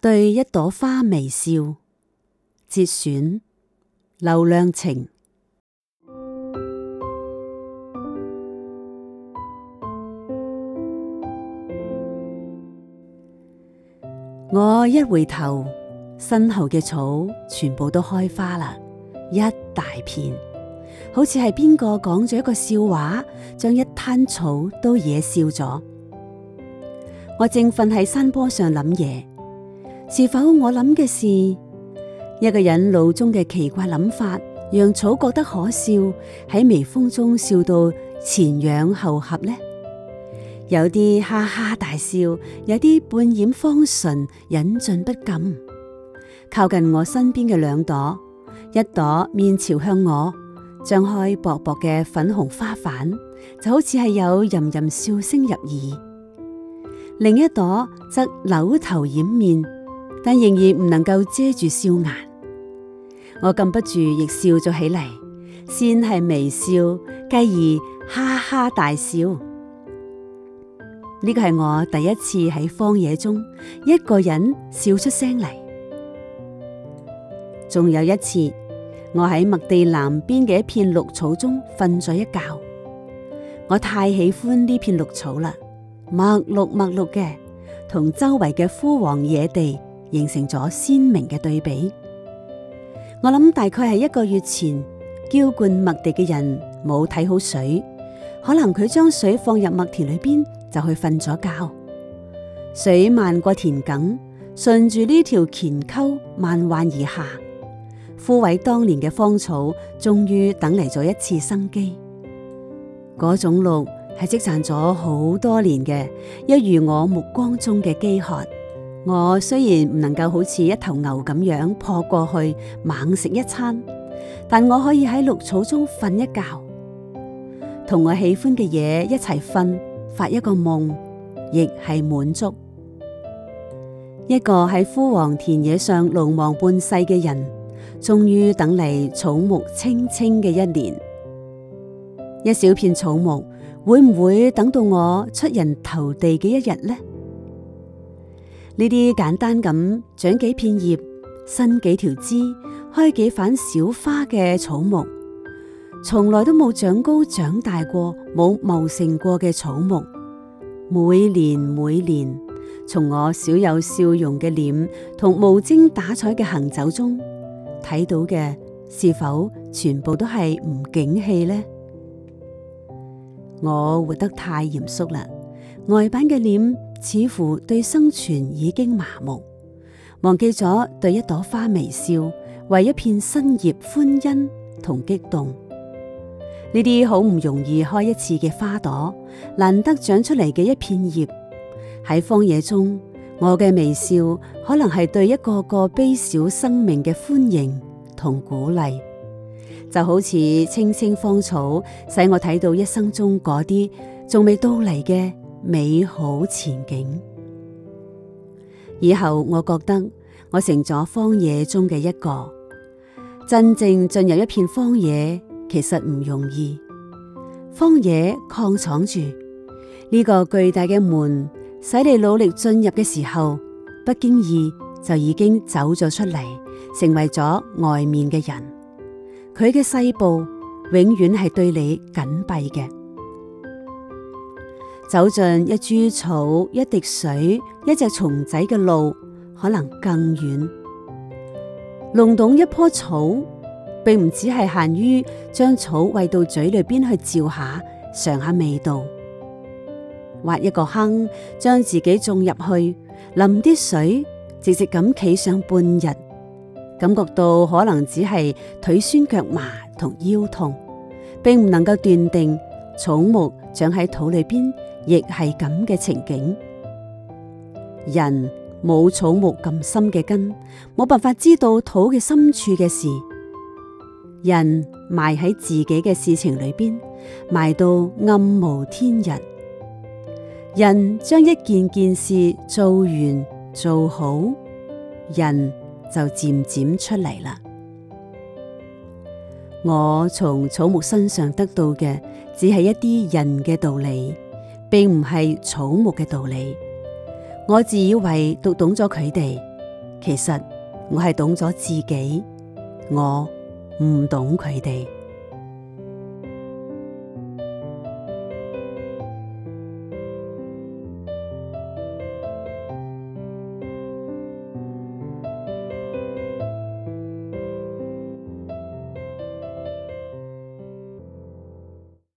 對一朵花微笑，節選劉亮程。 我一回頭，身後嘅草全部都開花啦，一大片，好似係邊個講咗一個笑話，將一灘草都惹笑咗。我正瞓喺山坡上諗嘢。是否我諗嘅是，一個人腦中嘅奇怪諗法，讓草覺得可笑，喺微風中笑到前仰後合呢？有啲哈哈大笑，有啲半掩芳唇，忍俊不禁。靠近我身邊嘅兩朵，一朵面朝向我，張開薄薄嘅粉紅花瓣，就好似係有吟吟笑聲入耳；另一朵則扭頭掩面。但仍然唔能夠遮住笑顏，我禁不住亦笑咗起嚟，先係微笑，繼而哈哈大笑。呢個係我第一次喺荒野中一個人笑出聲嚟。仲有一次，我喺麥地南邊嘅一片綠草中瞓咗一覺，我太喜歡呢片綠草啦，墨綠墨綠嘅，同周圍嘅枯黃野地。形成咗鮮明嘅對比。我諗大概係一個月前，澆灌麥地嘅人冇睇好水，可能佢將水放入麥田裏邊就去瞓咗覺。水漫過田埂，順住呢條乾溝慢慢而下，枯萎當年嘅芳草終於等嚟咗一次生機。嗰種綠係積攢咗好多年嘅，一如我目光中嘅飢渴。我雖然唔能夠好似一頭牛咁樣撲過去猛食一餐，但我可以喺綠草中瞓一覺，同我喜歡嘅嘢一齊瞓，發一個夢，亦係滿足。一個喺枯黃田野上勞忙半世嘅人，終於等嚟草木青青嘅一年。一小片草木會唔會等到我出人頭地嘅一日呢？呢啲簡單咁長幾片葉、伸幾條枝、開幾瓣小花嘅草木，從來都冇長高、長大過、冇茂盛過嘅草木。每年每年，從我少有笑容嘅臉同無精打采嘅行走中睇到嘅，是否全部都係唔景氣呢？我活得太嚴肅啦，外板嘅臉。似乎對生存已經麻木，忘記咗對一朵花微笑，為一片新葉歡欣同激動。呢啲好唔容易開一次嘅花朵，難得長出嚟嘅一片葉，喺荒野中，我嘅微笑可能係對一個個卑小生命嘅歡迎同鼓勵，就好似青青芳草，使我睇到一生中嗰啲仲未到嚟嘅。美好前景。以後我覺得我成咗荒野中嘅一個，真正進入一片荒野其實唔容易。荒野曠敞住呢個巨大嘅門，使你努力進入嘅時候，不經意就已經走咗出嚟，成為咗外面嘅人。佢嘅細部永遠係對你緊閉嘅。走進一株草、一滴水、一隻蟲仔嘅路，可能更遠。弄懂一棵草，並唔只係限於將草餵到嘴裏邊去照下、嘗下味道，挖一個坑，將自己種入去，淋啲水，直直咁企上半日，感覺到可能只係腿酸腳麻同腰痛，並唔能夠斷定。草木長喺土裏邊，亦係咁嘅情景。人冇草木咁深嘅根，冇辦法知道土嘅深處嘅事。人埋喺自己嘅事情裏邊，埋到暗無天日。人將一件件事做完，做好，人就漸漸出嚟啦。我從草木身上得到嘅只係一啲人嘅道理，並唔係草木嘅道理。我自以為讀懂咗佢哋，其實我係懂咗自己，我唔懂佢哋。